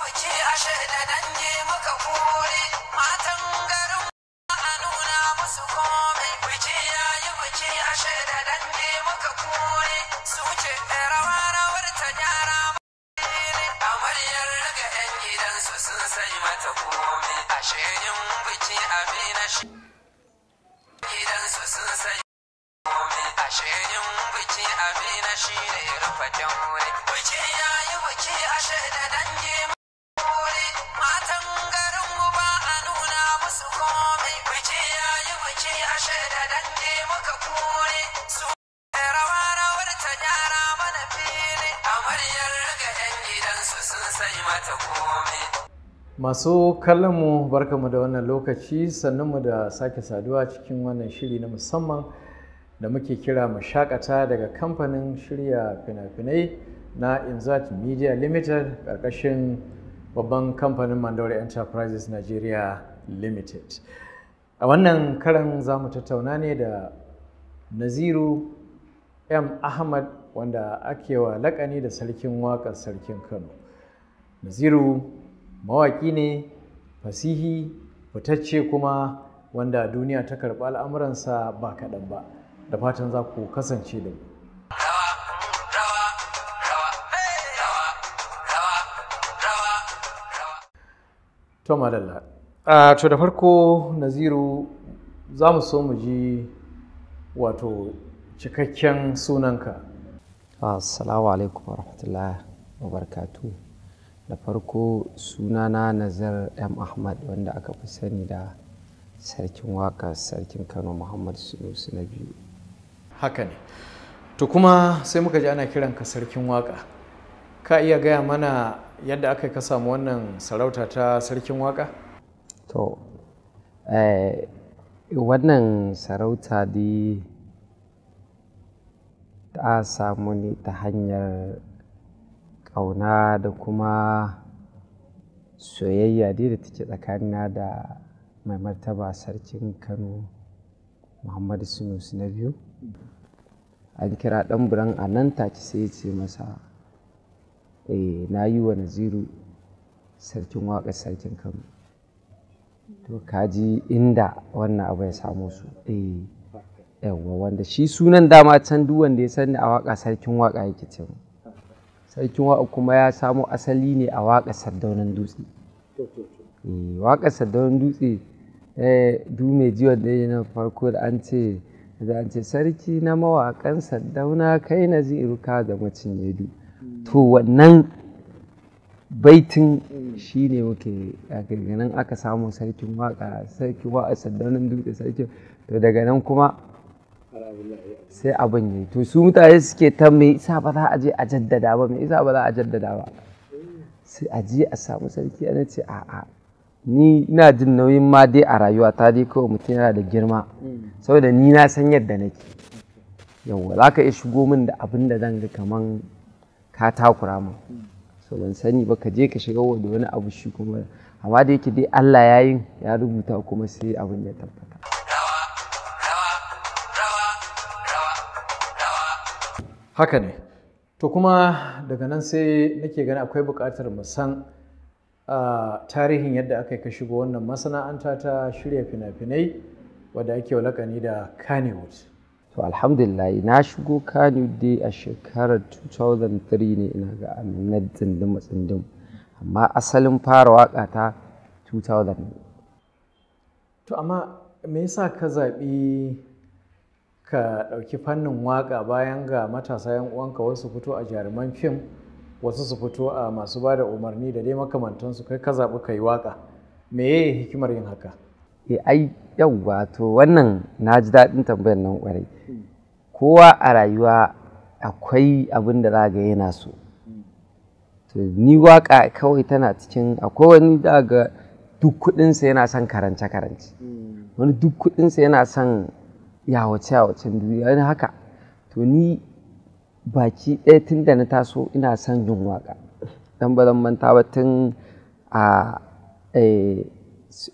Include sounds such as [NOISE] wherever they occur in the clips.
wuce a shaida muka matan garin a nuna musu komai wuce yayi yi wuce a shaida muka su ce rawar ta gyara ne amaryar daga yan gidansu sun sai mata komai a shirin biki amina shi gidansu sun sai a shirin Masu kallonmu barkamu da wannan lokaci sannunmu da sake saduwa cikin wannan shiri na musamman da muke kira mu shakata daga kamfanin shirya fina-finai na Inzat Media Limited ƙarƙashin babban kamfanin Mandori Enterprises Nigeria Limited. A wannan karan za mu tattauna ne da Naziru M. Ahmad wanda ake wa lakani da sarkin waƙar sarkin Kano. Naziru mawaƙi ne fasihi fitacce kuma wanda duniya ta karɓi al'amuransa ba kaɗan ba da fatan za ku kasance da mu to a to da farko naziru za mu so mu ji wato cikakken sunanka assalamu alaikum wa wa wabarakatuh da farko sunana nazar m ahmad wanda aka fi sani da sarkin waka sarkin kano muhammad sunusu na biyu haka ne to kuma sai muka ji ana kiranka sarkin waka ka iya gaya mana yadda aka ka samu wannan sarauta ta sarkin waka to eh, wannan sarauta dai ta samu ne ta hanyar ƙauna da kuma soyayya dai da take tsakanina da mai martaba sarkin kano muhammadu sunusu na biyu an kira ɗan buran a nan take sai ya ce masa eh na yi wa naziru sarkin waƙar sarkin kano to kaji inda wannan abu ya samu su eh wanda shi sunan dama can duk wanda ya sani a waƙa sarkin waƙa yake ce mu sarkin waƙa kuma ya samo asali ne a waƙa sardaunan dutse waƙar sardaunan dutse eh, du eh, mai jiwon da na farko da an ce da an ce sarki na mawaƙan sardauna kai na ka ga macin yadu to wannan baitin shi ne muke daga nan aka samu sarkin waƙa sarkin waƙa sardaunan dutse sarkin to daga nan kuma sai abin yi to su mutane suke ta me isa ba za a je a jaddada ba me isa ba za a jaddada ba sai a je a samu sarki ana ce a'a ni ina jin nauyin ma dai a rayuwa ta dai kawai mutum yana da girma saboda ni na san yadda nake yawwa za ka iya shigo min da abin da zan ga kaman ka takura min so ban sani ba ka je ka shiga da wani abu shi kuma amma da yake dai Allah ya yin ya rubuta kuma sai abin ya tabbata haka ne to kuma daga nan sai nake gani akwai buƙatar mu san tarihin yadda aka yi ka shigo wannan masana'anta ta shirya fina-finai wadda ake walakani da Kannywood. to alhamdulillah na shigo Kannywood dai a shekarar 2003 ne ina ga aminar tsindin matsindin amma asalin fara waka ta 2000 to amma me yasa ka zaɓi ka ɗauki fannin waƙa bayan ga matasa 'yan uwanka wasu fito a jaruman fim wasu su fito a masu ba da umarni da dai makamantansu kai ka zaɓi ka yi waƙa meye hikimar yin haka e ai yawwa to wannan na ji daɗin tambayar nan ƙwarai kowa a rayuwa akwai abin da za ga yana so to ni waƙa kawai tana cikin akwai wani da ga duk kuɗinsa yana son karance karance hmm. wani duk kuɗinsa yana son yawace-yawacen duniya yana haka to ni baki ɗaya tun da na taso ina son yin waƙa dan ba zan manta ba tun a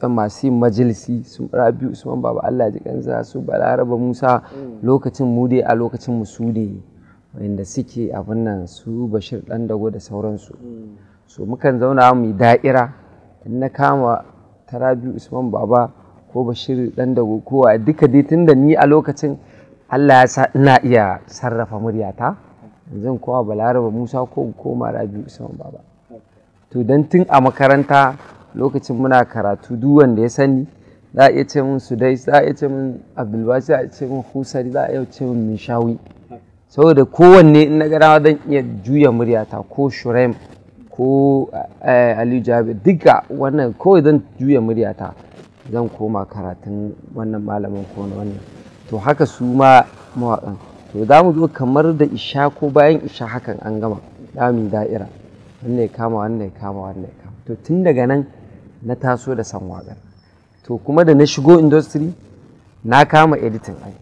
masu majalisi sun rabi usman baba allah ji kansa su balaraba musa mm. lokacin mu dai a lokacin mu su ne wanda suke abin nan su bashir dan dago da sauransu mm. so mukan zauna mu da'ira in na kama tarabi usman baba ko bashir dan dago kowa duka dai tunda ni a lokacin Allah ya sa ina iya sarrafa muryata zan kowa balaraba musa ko koma rabi usman baba to dan tun a makaranta lokacin muna karatu duk wanda ya sani za a iya ce min sudais za a iya ce min abdulbasi za a iya ce min husari za a iya ce min mishawi saboda kowanne in na zan iya juya muryata ko shurem ko eh, aliyu jabir duka wannan kawai zan juya muryata zan koma karatun wannan malamin ko na wannan to haka su ma mawaƙan to za mu zo kamar da isha ko bayan isha hakan an gama dami da'ira wanda ya kama wanda ya kama wanda ya kama to tun daga nan na taso da san waƙar to kuma da na shigo industry na kama editing ai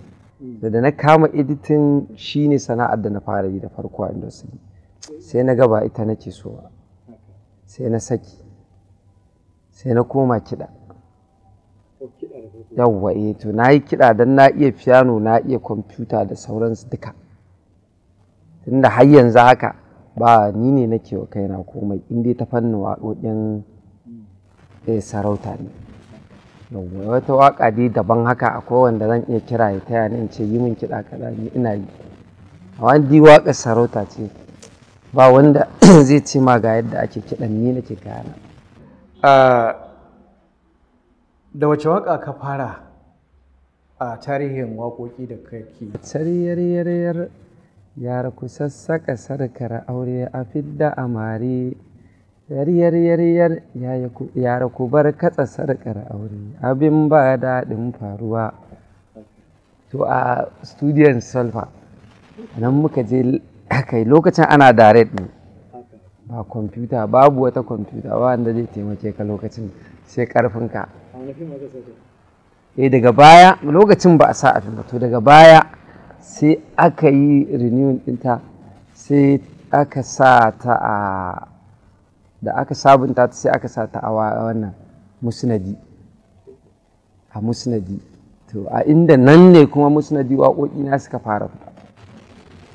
da da na kama editing shine sana'ar da na fara yi da farko a industry sai na gaba ita nake so sai na saki sai na koma kiɗa yawwa eh to na yi kiɗa don na iya fiyano na iya kwamfuta da sauransu duka tunda har yanzu haka ba ni ne nake wa kaina komai in dai ta fannin waƙoƙin eh, sarauta ne yawwa wata waka dai daban haka akwai wanda zan iya kira ya taya ni in ce yi min kiɗa kaza ni ina yi amma dai waka sarauta ce ba wanda [CLEARS THROAT] zai ce ma ga yadda ake kiɗan ni nake kayana ah, da wace waka ka fara a tarihin waƙoƙi da kake sariyar yaryar yar kusan saka sarkar aure a fidda amare yaryar yaryar yara ku bar katsa sarkar aure abin ba daɗin faruwa to a studiyon sulfa nan muka je kai lokacin ana direct ne ba kwamfuta babu wata kwamfuta ba wanda zai taimake ka lokacin sai karfinka eh daga baya lokacin ba a sa abin ba to daga baya sai aka yi renewal dinta sai aka sa ta a da aka sabunta ta sai aka sa ta a wannan musnadi a musnadi to a inda nan ne kuma musnadi waƙoƙi na suka fara fita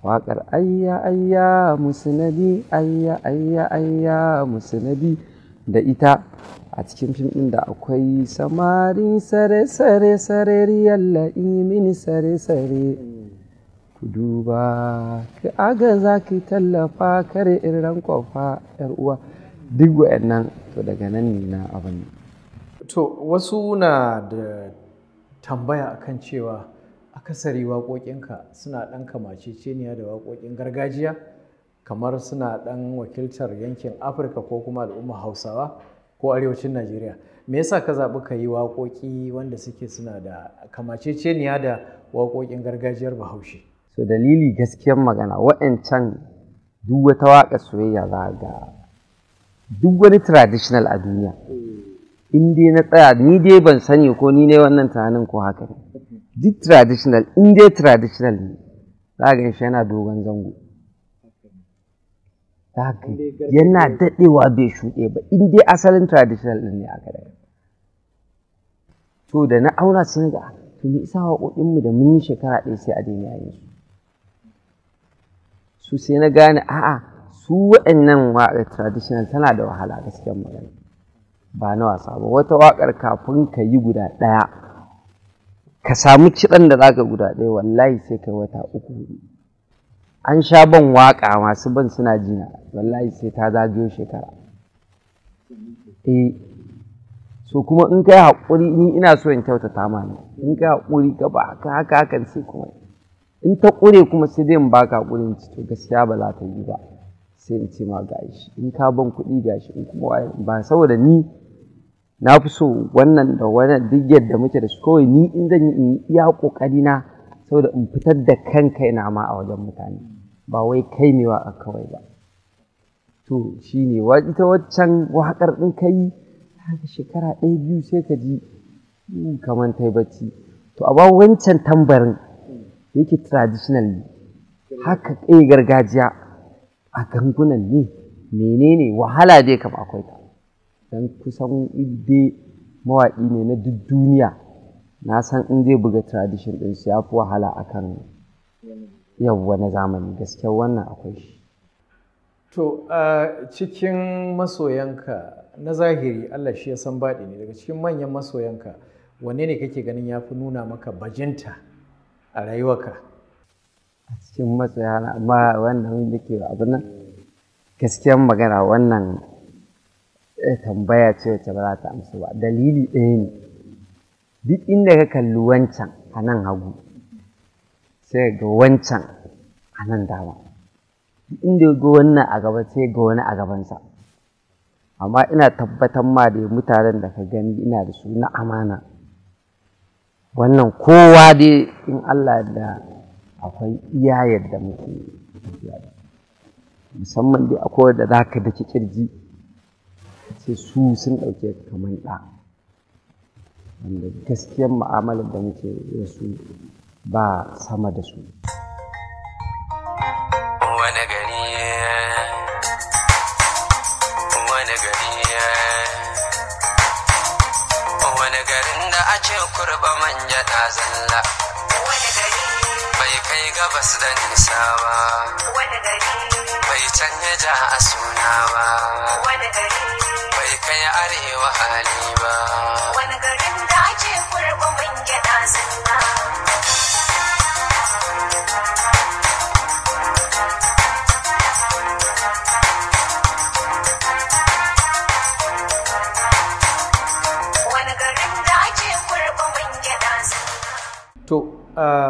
waƙar ayya ayya musnadi ayya ayya ayya musnadi da ita a cikin fim ɗin da akwai samari sare sare sarari yalla mini sare sare ku duba ka aga za ki tallafa kare in kofa yar uwa duk wa'annan to daga nan ne na abin to wasu na da tambaya akan cewa akasari waƙoƙinka suna ɗan kamaceceniya da waƙoƙin gargajiya kamar suna ɗan wakiltar yankin afirka ko kuma al'umma hausawa ko arewacin Najeriya me yasa ka zaɓi ka yi waƙoƙi wanda suke suna da kamaceceniya da waƙoƙin gargajiyar Bahaushe so dalili gaskiyar magana waɗancan duk wata waƙa soyayya za ga duk wani traditional a duniya in dai na tsaya ni dai ban sani ko ni ne wannan tunanin ko haka ne duk traditional in dai traditional ne za ga shi yana dogon zango haka yana daɗewa bai shuɗe ba in dai asalin traditional ɗin ne aka daga to da na auna sun ga to me isa waƙoƙinmu da mun yi shekara ɗaya sai a daina yin su sai na gane a'a su waɗannan waƙar traditional tana da wahala gaskiyar magana ba na wasa ba wata waƙar kafin ka yi guda ɗaya ka samu ciɗan da za ka guda ɗaya wallahi sai ka wata uku an sha ban waƙa masu ban suna jina wallahi sai ta zagayo shekara eh so kuma in kai haƙuri ni ina so in kyautata ma ne in kai haƙuri ka ba haka haka hakan sai kuma in ta ƙure kuma sai dai in ba ka in ci to gaskiya ba za ta yi ba sai in ce ma shi in ka ban kuɗi gashi in kuma waye ba saboda ni na fi so wannan da wannan duk yadda muke da su kawai ni in zan yi in iya ƙoƙari na saboda in fitar da kanka ina ma a wajen mutane ba wai kai mai waƙa kawai ba to shi ne ita waccan waƙar ɗin ka yi haka shekara ɗaya biyu sai ka ji hmm, kamar ta yi bacci to a wancan tambarin yake traditional haka ɗaya eh, gargajiya a gangunan ne menene wahala dai kam akwai ta don kusan dai mawaƙi ne na duk duniya na san in zai buga tradition din su ya fi wahala akan yawwa na zamani gaskiya wannan akwai shi to a cikin masoyanka na zahiri Allah shi ya san baɗi ne daga cikin manyan masoyanka wanne ne kake ganin ya fi nuna maka bajinta a rayuwarka a cikin masoyana amma wannan da ke abin nan gaskiyan magana wannan eh, tambaya ce wacce ba za ta amsa ba dalili ɗaya ne duk inda ka kalli wancan a nan hagu sai ga wancan a nan dama duk inda ga wannan a gaba sai ga wani a gabansa amma ina tabbatar ma da mutanen da ka gani ina da su na amana wannan kowa dai in Allah da akwai iya yadda muke musamman dai akwai da za ka daki kirji sai su sun ɗauke kamar ɗa wanda gaskiyar mu'amalar da muke da su ba sama da su wani garin da a ce kurba manja ta zalla bai kai gabas da nisa ba bai canja a suna ba bai kai arewa hali ba wani garin da ake kurba man gyada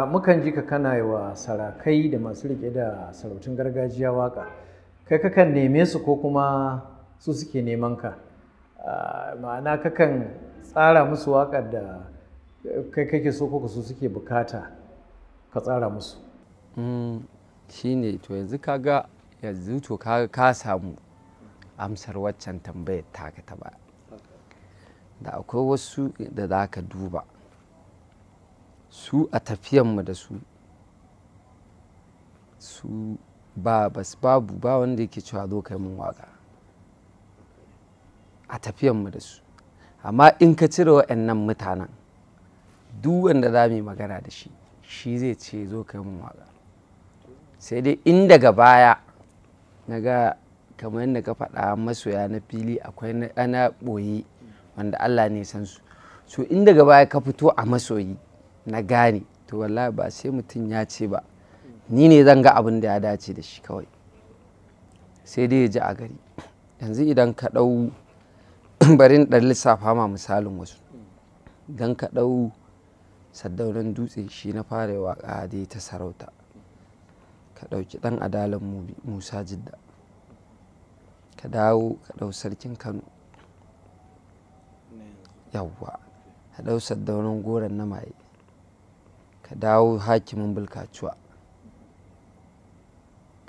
mukan ji ka kana yi wa sarakai da masu riƙe da sarautun gargajiya waka kai kakan neme su ko kuma su suke neman ka ma'ana kakan tsara musu wakar da kai kake so ko su suke bukata ka tsara musu mm, shi ne to yanzu ka ga yanzu to ka samu amsar waccan tambayar taka ta ba da akwai wasu da za ka duba su a tafiyanmu da su su ba bas babu ba wanda yake cewa zo kai mun waka a tafiyanmu da su amma in ka cire wa'annan mutanen duk wanda za mu yi magana da shi shi zai ce zo kai mun waka sai dai in daga baya na ga kamar yadda ka faɗa masoya na fili akwai na ɓoye wanda allah ne san su so in daga baya ka fito a masoyi na gane to wallahi ba sai mutum ya ce ba ni ne zan ga abin da ya dace da shi kawai sai dai ya ji a gari yanzu idan ka ɗau [CLEARS THROAT] barin ɗan lissafa ma misalin wasu idan ka ɗau saddaunan dutse shi na fara waƙa dai ta sarauta ka ɗauki ɗan adalan musa jidda ka dawo ka ɗau sarkin kano yawwa ka ɗau saddaunan goron na maye ka dawo hakimin bulkacuwa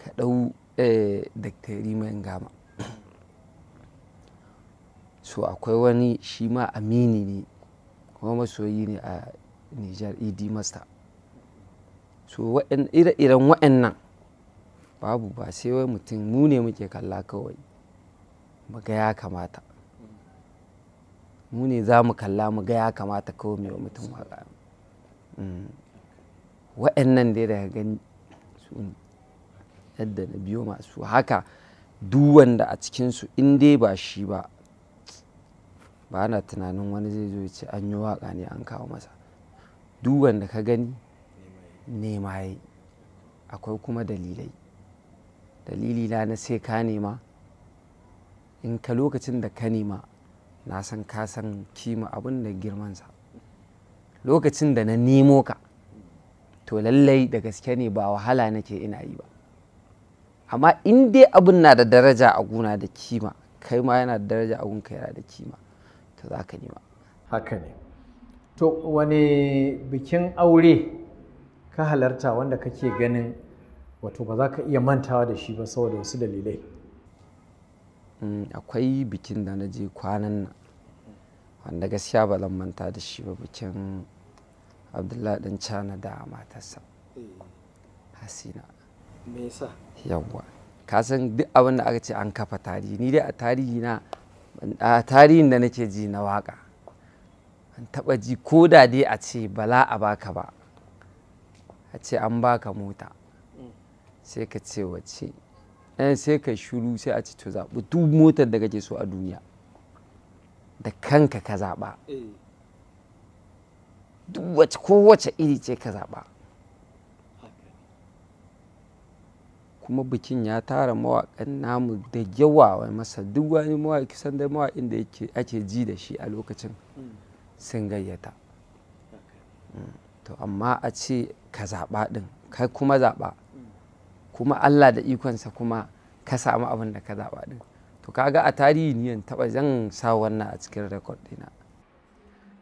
ka ɗau eh, daktari mai gama [CLEARS THROAT] so akwai wani shi ma amini ne kuma masoyi ne a nijar ed master so ire-iren wa'annan babu ba sai wai mutum mu ne muke kalla kawai maga ya kamata mu ne za mu kalla maga ya kamata kawai mai mutum waka mm. wa'annan dai daga gani su ne yadda na biyo masu haka duk wanda a cikinsu in dai ba shi ba ba na tunanin wani zai zo ya ce an yi waka ne an kawo masa duk wanda ka gani nema ya akwai kuma dalilai dalili na na sai ka nema in ka lokacin da ka nema na san ka san kima abin da girmansa lokacin da na nemo ka to lallai da gaske ne ba wahala nake ina yi ba amma in dai abin na da daraja a guna da kima kai ma yana da daraja a gunka yana da kima to za ka nema haka ne to wani bikin aure ka halarta wanda kake ganin wato ba za ka iya mantawa da shi ba saboda wasu dalilai mm, akwai bikin da na je kwanan nan wanda gaskiya ba zan manta da shi ba bikin abdullahi dan cana da matarsa eh. hasina me yasa yawwa ka san duk abin da aka ce an kafa tarihi ni dai a tarihi na a tarihin da nake ji na waka an taba ji ko da dai a ce bala a baka ba a ce an baka mota sai ka ce wace ɗayan eh, sai ka shiru sai a ce to zaɓi duk motar da kake so a duniya da kanka ka zaɓa eh. duk wace kowace iri ce ka zaɓa kuma bikin ya tara mawaƙan namu da yawa wai masa duk wani mawaƙi sanda mawaƙin da ake ji da shi a lokacin sun gayyata to amma a ce ka zaɓa ɗin kai kuma zaɓa kuma allah da ikonsa kuma ka samu abin da ka zaɓa ɗin to kaga a tarihi ne taɓa zan sa wannan a cikin rekod ɗina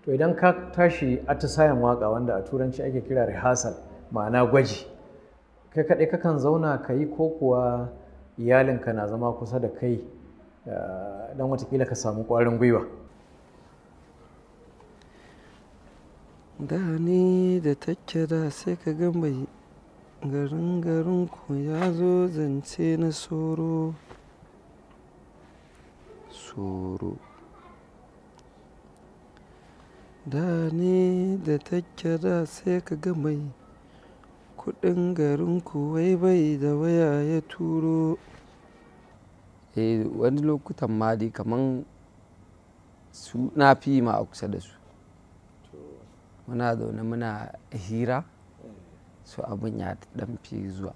to idan ka tashi atisayen waka wanda a turanci ake kira rehearsal ma'ana gwaji kai kaɗai kakan zauna ka yi ko kuwa iyalinka na zama kusa da kai eh, don watakila ka samu ƙwarin gwiwa da ni da sai ka ga mai garin garin ku ya zo zance na soro soro Da ne da take da sai ka ga mai kuɗin ku wai bai da waya ya turo. Eh wani lokutan ma dai kaman su na fi ma a kusa da su. Muna zaune muna hira su abin ya ɗan fi zuwa.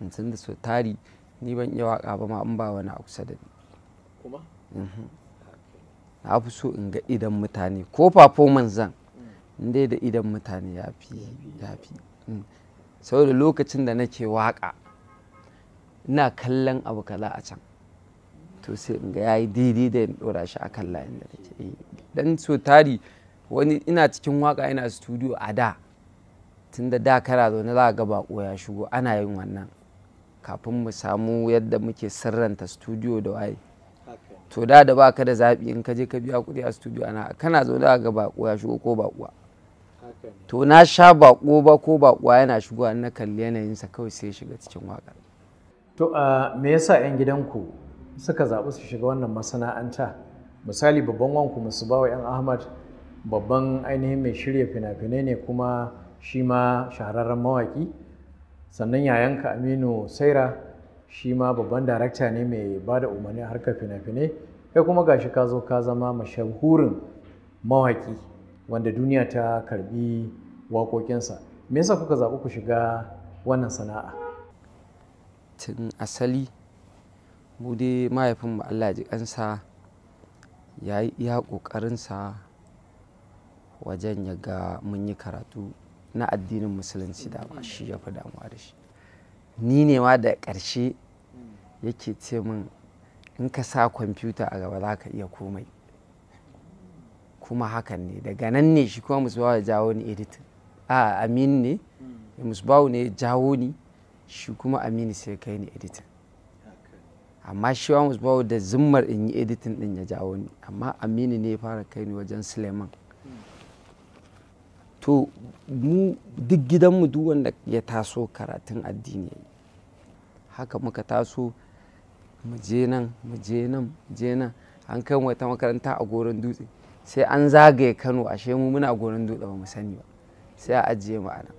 in da so tari ni ban iya waka ba ma in ba wani a kusa da ni. Kuma? Mhm. na fi so in ga idan mutane ko performance zan inda da idan mutane ya fi ya fi mm. saboda lokacin da nake waka ina kallon abu kaza a can to sai in ga yayi daidai da in dora shi akan layin da nake eh, dan so tari wani ina cikin waka ina studio a da tunda da kara zaune za ga bako ya shigo ana yin wannan kafin mu samu yadda muke sirranta studio da waye to da da baka da zaɓi in ka je ka biya kuɗi a studio ana kana zo da ga bako ya shigo ko bakuwa to na sha bako ba ko bakuwa yana shigo na kalli yanayin sa kawai sai shiga cikin waƙar to a me yasa 'yan gidanku suka zaɓi su shiga wannan masana'anta misali babban wanku musu bawa 'yan ahmad babban ainihin mai shirya fina-finai ne kuma shi ma shahararren mawaƙi sannan yayanka aminu saira shi ma babban darakta ne mai ba da umarni harkar fina-finai kai kuma ga shi ka zo ka zama mashahurin mawaƙi wanda duniya ta karbi waƙoƙinsa me yasa kuka zaɓi ku shiga wannan sana'a tun asali mu dai mahaifinmu allah ji kansa ya yi iya ƙoƙarinsa wajen ya ga mun yi karatu na addinin musulunci da shi ya fi damuwa da shi ni ne ma da ƙarshe yake ce min in ka sa kwamfuta a gaba za ka iya komai kuma hakan ne daga nan ne shi kuma musbahu ya jawo ni editin a amin ne musbahu ne ya jawo ni shi kuma aminu sai kai ni editin amma shi wa musbahu da zimmar in yi editin din ya jawo ni amma aminu ne ya fara kai ni wajen suleiman to mu duk gidanmu duk wanda ya taso karatun addini haka muka taso mu je nan mu je nan mu je nan an kai wata makaranta a goron dutse sai an zagaye kano ashe mu muna goron dutse ba mu sani ba sai a ajiye mu anan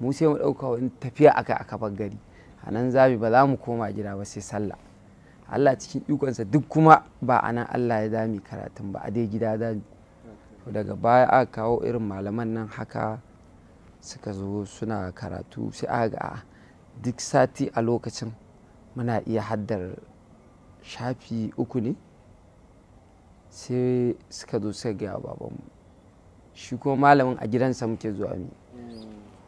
mu sai mu ɗauka wani tafiya aka aka gari a nan zabi ba za mu koma gida ba sai sallah Allah cikin ikonsa duk kuma ba a nan Allah ya dami karatun ba a dai gida dami daga baya aka kawo irin malaman nan haka suka zo suna karatu sai aka ga ah, duk sati a lokacin muna iya haddar shafi uku ne sai suka zo suka gaya babanmu shi kuma malamin a gidansa muke zuwa ne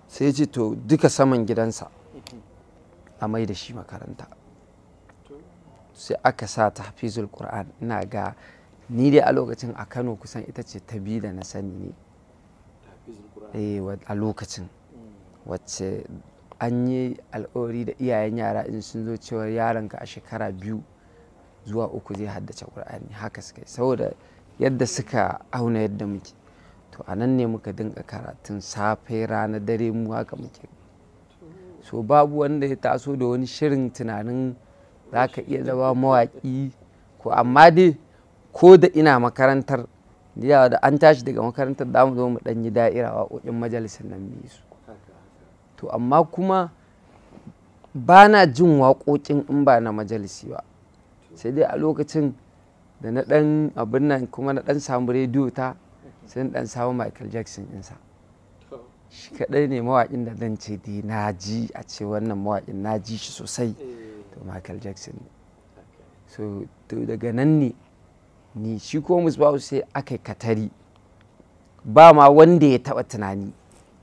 sai ce to duka saman gidansa a mai da shi makaranta sai aka sa ta hafizul qur'an ina ga ni dai a lokacin a kano kusan ita ce ta biyu da na sani ne eh, a lokacin wacce an yi alkawari da iyayen yara in sun zo cewar ka a shekara biyu zuwa uku zai haddace ƙur'ani haka suka yi saboda yadda suka auna yadda muke to a nan ne muka dinga karatun safe rana dare mu haka muke so babu wanda ya taso da wani shirin tunanin za ka iya zama mawaƙi ko amma dai ko da ina makarantar da an tashi daga makarantar da mu zo mu ɗanyi da'ira waƙoƙin majalisar nan mu su to amma kuma ba na jin waƙoƙin in ba na majalisi ba sai dai a lokacin da na ɗan abin nan kuma na ɗan samu rediyo ta sai na ɗan samu michael jackson ɗinsa. shi kaɗai ne mawaƙin da zan ce dai na ji a ce wannan mawaƙin na ji shi sosai to michael jackson ne so to daga nan ne ni shi ko musbahu sai aka katari ba ma wanda ya taba tunani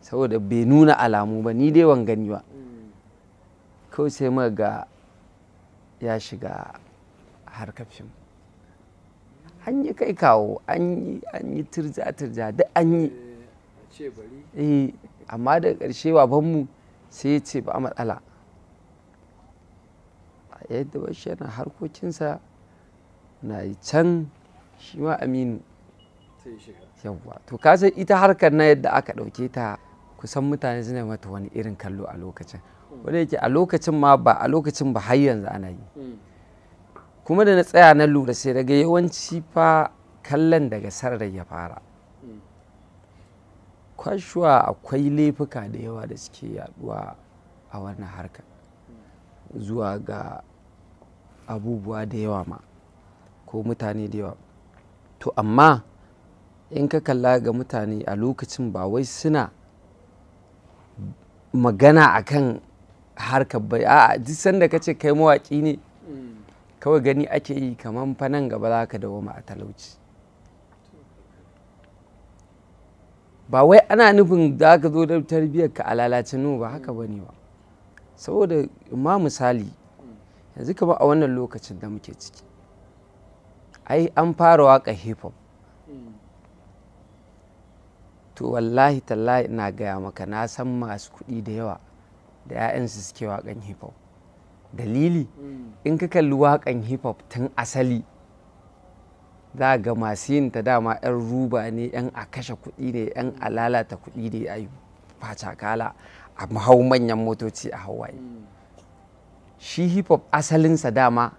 saboda bai nuna alamu ba ni dai wan gani ba kawai sai muka ga ya shiga harkafin fim an yi kai kawo an yi turja-turja duk an yi eh amma da ƙarshe mu sai ya ce ba matsala yadda harkokinsa na can shi ma aminu yawwa to ka ita harkar na yadda aka ɗauke ta kusan mutane suna mata wani irin kallo a lokacin hmm. wanda yake a lokacin ma ba a lokacin ba har yanzu ana yi hmm. kuma da na tsaya na lura sai daga yawanci fa kallon daga sararin ya fara hmm. kwashuwa akwai laifuka da yawa da suke yaduwa a wannan harkar zuwa ga abubuwa da yawa ma ko mutane da yawa to amma in ka kalla ga mutane a lokacin ba wai suna magana akan harkar bai a duk sanda ka ce kai mawaki ne kawai gani ake yi kamar fanan gaba za ka ma a talauci ba wai ana nufin za ka zo da tarbiyyar ka a lalace nuna ba haka ba ne ba saboda ma misali yanzu kama a wannan lokacin da muke ciki ai an fara waka hip hop to wallahi tallahi ina gaya maka na san masu kuɗi da yawa da 'ya'yansu suke wakan hip hop dalili in ka kalli wakan hip hop tun asali za ga masu yin ta dama 'yan ruba ne 'yan a kashe kuɗi ne 'yan a lalata kuɗi ne a yi kala a hau manyan motoci a hawaii shi hip hop asalinsa dama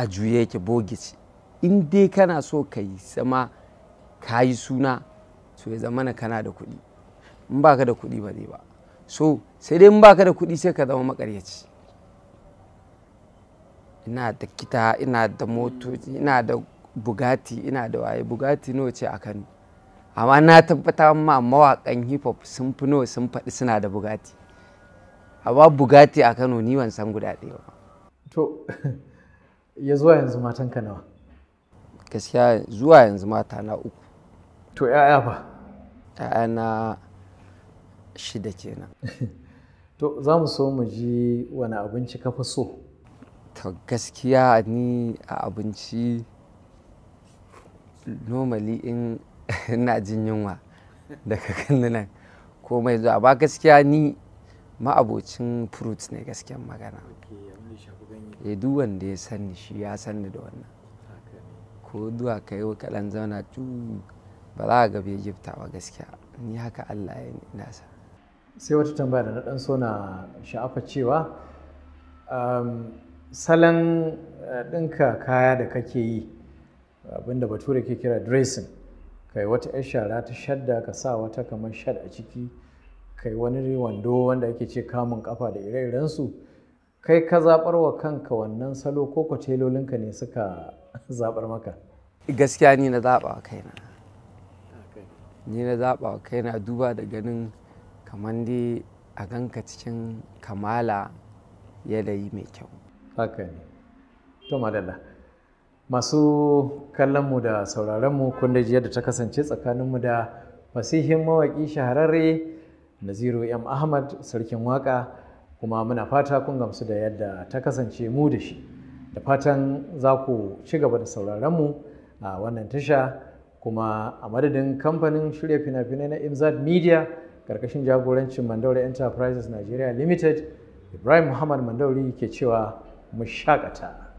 a juye yake bogici in dai kana so ka yi zama ka yi suna so ya zama na kana da kuɗi in ba ka da kuɗi ba zai ba so sai dai in ba ka da kuɗi sai ka zama makaryaci ina da kita ina da motoci ina da bugati, ina da waye Bugati nawa ce a kano amma na tabbata ma mawakan hip hop sun fi nawa sun faɗi suna da bugati amma bugati a kano ni ban san guda ɗaya ba to [LAUGHS] ya zuwa yanzu matan ka nawa gaskiya zuwa yanzu mata na uku to ya'ya fa ya'ya na shida kenan [LAUGHS] to za mu so mu ji wani abinci ka fi so to gaskiya ni a abinci normally in [LAUGHS] ina jin yunwa daga [LAUGHS] kan nan komai zuwa ba gaskiya ni ma'abocin fruits ne gaskiyan magana ya eh, duk wanda ya sani shi ya sani da wannan ko duwa ka yi kaɗan zauna ba za a ga bai wa gaskiya ni haka allah ya nasa sai wata tambaya da na ɗan so na sha'afa cewa um, salon eh, ɗinka kaya da kake yi abinda bature ke kira dressing kai wata 'yar shara ta shadda ka sa wata kamar shad a ciki kai wani wando wanda ake ce kamun kafa da ire su kai ka zaɓar wa kanka wannan salo ko ko telolinka ne suka [LAUGHS] zaɓar maka gaskiya ni na zaɓa wa kaina ni na zaɓa wa kaina duba da ganin kamar dai a ganka cikin kamala yanayi mai kyau haka ne to madalla masu kallonmu da sauraronmu kun da jiya da ta kasance tsakaninmu da fasihin mawaƙi shahararre naziru m ahmad sarkin Waƙa, kuma muna fata kun gamsu da yadda ta kasance mu da shi da fatan za ku ci gaba da sauraronmu a wannan tasha kuma a madadin kamfanin shirya fina-finai na imzad media karkashin jagorancin Mandauri enterprises nigeria limited ibrahim muhammad mandauri ke cewa mu shakata